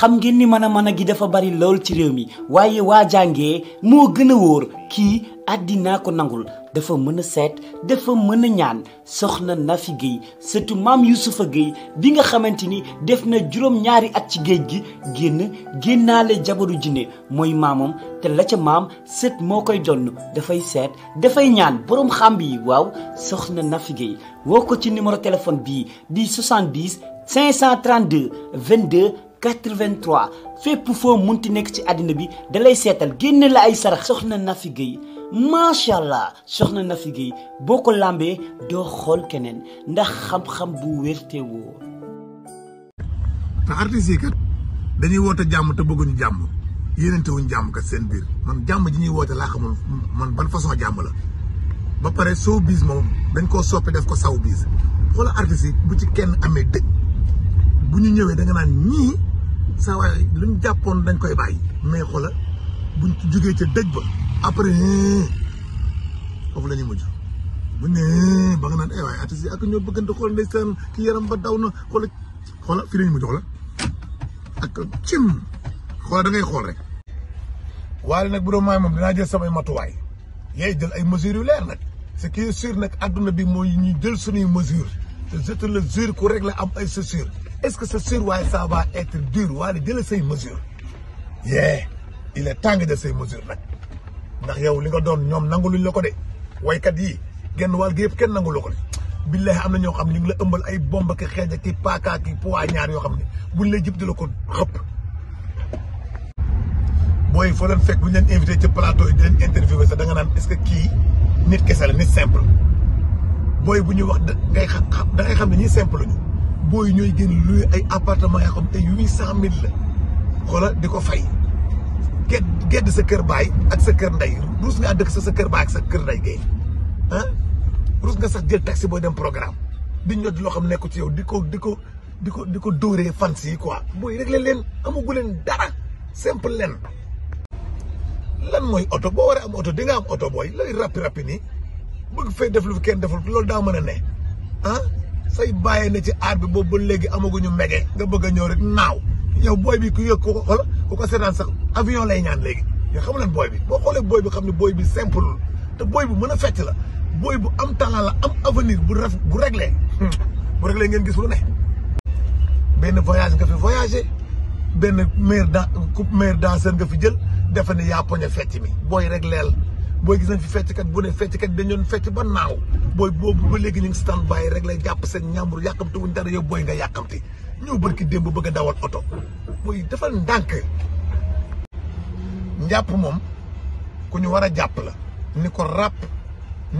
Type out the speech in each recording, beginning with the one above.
xam ngeen ni mën a mën a gi dafa bari lool ci réew mi waaye waa jàngee moo gën a wóor kii àddinaa ko nangul dafa mën a seet dafa mën a ñaan soxna Nafi Guèye surtout maam Youssoufa Guèye bi nga xamante ni def na juróom ñaari at ci géej gi génn génnaale jabaru jinne mooy maamam te la ca maam sët moo koy donn dafay seet dafay ñaan boroom xàmb yi waaw soxna Nafi Guèye woo ko ci numéro téléphone bii di 70 532 22 83 fépp foo munti nekk ci àddina bi dalay seetal génne la ay sarax soxna Nafi Guèye macha allah soxna Nafi Guèye boo ko làmbee doo xool keneen ndax xam-xam bu wérte woo te artistes yi kat dañuy woote jàmm te bëgguñu jàmm yéenante jàmm kat seen biir man jàmm ji ñuy woote laa xamul man ban façon jàmm la ba pare sow bis moom dañ koo soppi def ko saw bis xoola artistes yi bu ci kenn amee dëj bu ñu ñëwee da naan ñii saa waay lu ñu jàppoon dañ koy bàyyi mais xoola buñ ci jógee ca dëj ba après foofu la ñuy mujj buñ ne ba nga naan ay eh waay artiste yi ak ñoo bëggante xool ndeysaan ki yaram ba daw na xoola xoola fii la ñu mujj xoola ak cim xoola da xool rek waaye nag bu doon maay moom dinaa jël samay matuwaay yaay jël ay mesures yu leer nag ce qui est nag adduna bi mooy ñu jël suñuy mesures te je te le jure ku rek la am ay chaussures est-ce que ce surveillance ça va être dur waaye jëlee say mesures yee il est temps de say mesures nag ndax yow li nga doon ñoom nangu luñ la ko de waykat yi genn wàll gi yëpp kenn nangu la ko de billahi am na ñoo xam ne ñu ngi la ëmbal ay bomb ki xeeja ki paaka ki poids ñaar yoo xam ne bu lay jëb di la ko xëpp booy foo leen fekk bu invité ci plateau yi di leen interviewé sax da nga naan est-ce que kii nit kese la nit simple booy bu ñuy wax da ngay xam ne ñii simple ñu booy ñooy gën loué ay appartement yoo xam te huit cent mille la xoola di ko fay gedd gedd sa kër baay ak sa kër ndey ruus ngaa dëkk sa sa kër baay ak kër ndey gay ah nga sax jël si booy dem programme di ñot loo xam nekku ci yow di ko di ko di ko di ko dóoree fans yi quoi booy rek leen amagu leen dara simple leen lan mooy oto boo waree am oto dinga am oto booy lay rappi rappi nii bëgg fey def lu kenn deful loolu daa mën a ne ah say bàyyi na ci aar bi boobu ba léegi amaguñu mege nga bëgg a ñëw rek naaw yow booy bi ku yëg ku ko xool ku ko seetaan sax avion lay ñaan léegi yow xam leen booy bi boo xoolee booy bi xam ne booy bi simple te booy bu mën a fecc la booy bu am talent la am avenir bu ref bu réglé bu réglé ngeen gis lu ne benn voyage nga fi voyagé benn maire da coupe maire danseur nga fi jël defe ne yaa poñe fecc mi booy rek leel booy gisan nañ fi fecckat bu ne fecckat dañ doon fecc ba naaw booy boobu ba léegi ñu ngi stand by rek lay jàpp seen ñaamur yàqamte wuñ dara yow booy nga yàqamte ñëw barki démb bëgg a dawal oto booy defal ndànk njàpp moom ku ñu war a jàpp la ni ko ràpp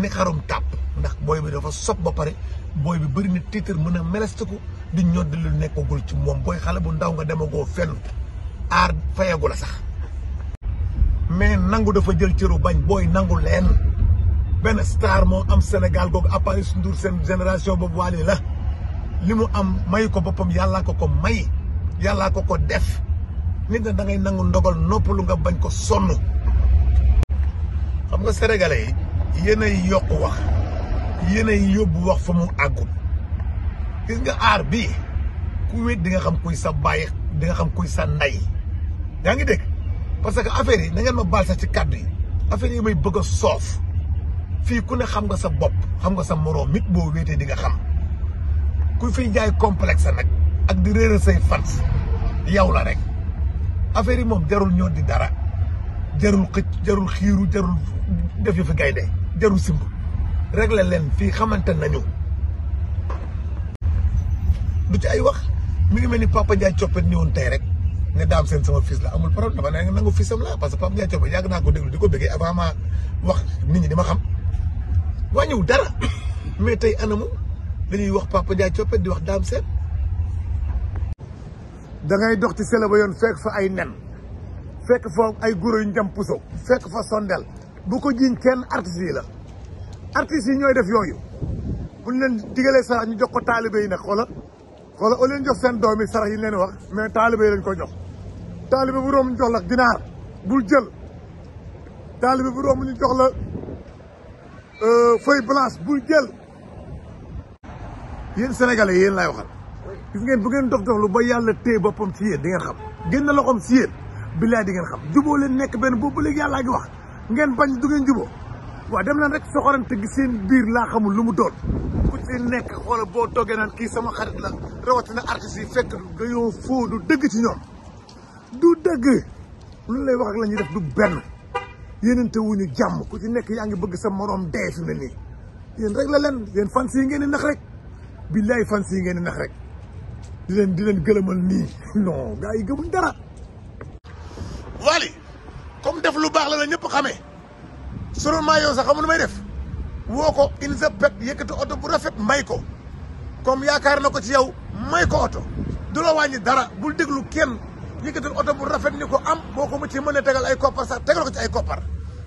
ni xarum tàpp ndax booy bi dafa sob ba pare booy bi bëri na tiitar mën a melestiku di ñodd lu nekkagul ci moom booy xale bu ndaw nga demagoo fenn aar fayagu la sax mais nangu dafa jël cëru bañ booy nangu leen benn star moo am Sénégal googu Appareil Ndour seen génération boobu waale la li mu am may ko boppam yàllaa ko ko may yàllaa ko ko def nit na da ngay nangu ndogal noppalu nga bañ ko sonn. xam nga sénégalais yi yéen ay yokk wax yéen ay yóbbu wax fa mu àggul gis nga aar bii ku wéet di nga xam kuy sa bàyyi di nga xam kuy sa ndey yaa ngi dégg. parce que affaire yi nangeen ngeen ma baal sax ci kàddu yi affaire yi may bëgg a soof fii ku ne xam nga sa bopp xam nga sa moroom mit boo wéetee di nga xam ku fi jaay complexe nag ak di réeral say fans yow la rek affaire yi moom jarul ñoo di dara jarul xëcc jarul xiiru jarul def yu fi gaynde jarul simb réglé leen fii xamante nañu du ci ay wax mu ngi mel ni Papa Ndiaye coppet ñëwoon tey rek ne daam seen sama fils la amul problème dama ne nangu fils am la parce que Pape Ndiaye Thiorba yàgg naa ko déglu di ko bëggee avant ma wax nit ñi di ma xam wàññiwul dara mais tey anamu lañuy wax Papa Ndiaye Thiorba di wax daam seen. da ngay dox ci sële ba yoon fekk fa ay nen fekk fa ay guro yu ñu dem puso fekk fa sondel bu ko jiiñ kenn artistes yi la artistes yi ñooy def yooyu bu ñu leen digalee sarax ñu jox ko taalibe yi nag xoola xoola au leen jox seen doom yi sarax yi leen wax mais taalibe yi lañ jox taalibe bu romb ñu jox la ginaar bul jël taalibe bu romb ñu jox la euh, feuille blanche bul jël yéen senegal yéen laay waxal gis ngeen bu ngeen dof dof lu ba yàlla tee boppam ci di ngeen xam génn loxoom ci yéen billaay di ngeen xam juboo leen nekk benn boobu léegi yàllaa ngi wax ngeen bañ du ngeen juboo waaw dem leen rek soxorante gi seen biir laa xamul lu mu doon ku ci nekk wala boo toggee naan kii sama xarit la rawatina artistes yi fekk du dañoo foo du dëgg ci ñoom du dëgg lu lay wax ak la ñuy def du benn yéenante wuñu jàmm ku ci nekk yaa ngi bëgg sa moroom dee fi ne nii yéen rek la leen yéen fans yi ngeen di nax rek billaay fans yi ngeen di nax rek di leen di leen gëlëmal nii non gars yi gëmuñ dara. Wally comme def lu baax la la ñëpp xamee solo maa yow sax xamu nu may def woo ko INSA PEC yëkkati oto bu rafet may ko comme yaakaar na ko ci yow may ko oto du la wàññi dara bul déglu kenn. yëkkatal oto bu rafet ni ko am boo ko mu ci mën a tegal ay koppar sax tegal ko ci ay koppar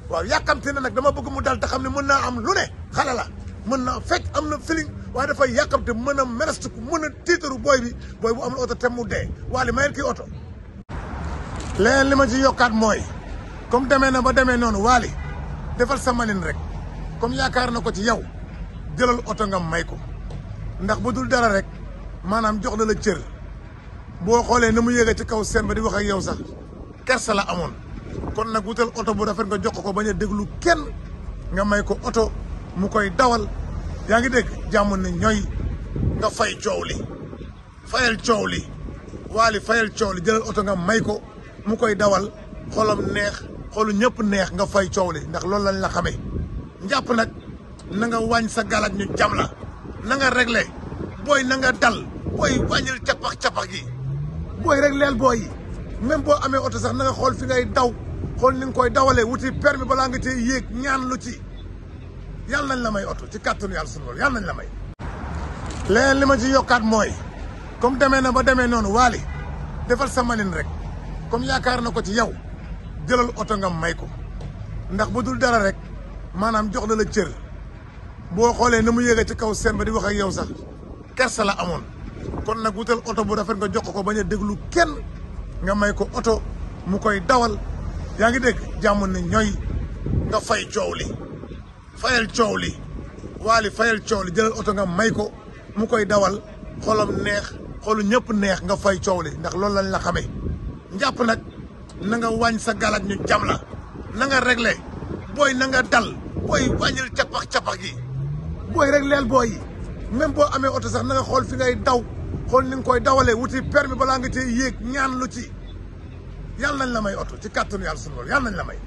waaw yàkkamti na nag dama bëgg mu dal te xam ne mën naa am lu ne xale la mën naa fekk am na feeling waaye dafay yàkkamte mën a merastuku mën a tiitaru booy bi booy bu amul oto te mu dee waali mayeen kii oto leneen li ma ci yokkaat mooy comme demee na ba demee noonu waali defal sa manin rek comme yaakaar na ko ci yow jëlal oto nga may ko ndax bu dul dara rek maanaam jox na la cër boo xoolee na mu yéegee ci kaw seen ba di wax ak yow sax kersa la amoon kon nag wutal oto bu rafet nga jox ko bañ a déglu kenn nga may ko oto mu koy dawal yaa ngi dégg jàmm ne ñooy nga fay coow li fayal coow li waali fayal coow li jëlal oto nga may ko mu koy dawal xolam neex xolu ñëpp neex nga fay coow li ndax loolu lañ la xamee njàpp nag na nga wàññ sa galaj ñu jam la nanga nga réglé booy nanga nga dal booy wàññil capax-capax gi booy rek leel booy yi même boo amee oto sax na xool fi ngay daw xool ni nga koy dawalee wuti permis balaa nga cee yéeg ñaan lu ci yàlla nañ la may oto ci kàttanu yàlla sunu loolu yàlla nañ la may. leneen li ma ci yokkaat mooy comme demee na ba demee noonu waali defal sa manin rek comme yaakaar na ko ci yow jëlal oto nga may ko ndax bu dul dara rek maanaam jox na la cër boo xoolee ni mu yéegee ci kaw seen ba di wax ak yow sax kersa la amoon. kon nag wutal oto bu rafet nga jox ko bañ a déglu kenn nga may ko oto mu koy dawal yaa ngi dégg jàmm ne ñooy nga fay coow li fayal coow li waali fayal coow li jëlal oto nga may ko mu koy dawal xolam neex xolu ñëpp neex nga fay coow li ndax loolu lañ la xamee njàpp nag na nga wàññ sa galak ñu jam la nanga nga réglé booy nanga nga dal booy wàññil capax capax gi booy régleel booy yi même boo amee oto sax na xool fi ngay daw xool ni nga koy dawalee wuti permis balaa nga cee yéeg ñaan lu ci yàlla nañ la may oto ci kàttanu yàlla sunu loolu yàlla nañ la may.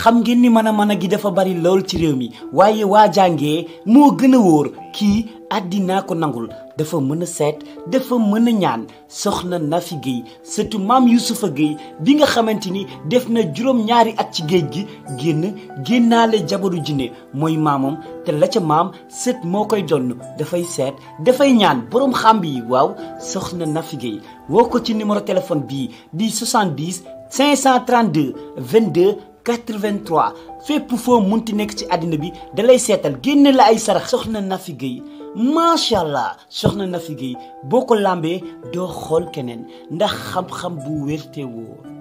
xam ngeen ni mën a mën a gi dafa bari lool ci réew mi waaye waa jàngee moo gën a wóor kii. àddinaa ko nangul dafa mën a seet dafa mën a ñaan soxna Nafi Guèye surtout maam a Guèye bi nga xamante ni def na juróom ñaari at ci géej gi génn génnaale jabaru jinné mooy maamam te la ca maam sët moo koy donn dafay seet dafay ñaan boroom xàmb yi waaw soxna Nafi Guèye woo ko ci numéro téléphone bii di 70 532 22 83 fépp foo munti nekk ci àddina bi dalay seetal génn la ay sarax soxna Nafi Guèye macha allah soxna Nafi Guèye boo ko làmbee doo xool keneen ndax xam-xam bu wér te wóor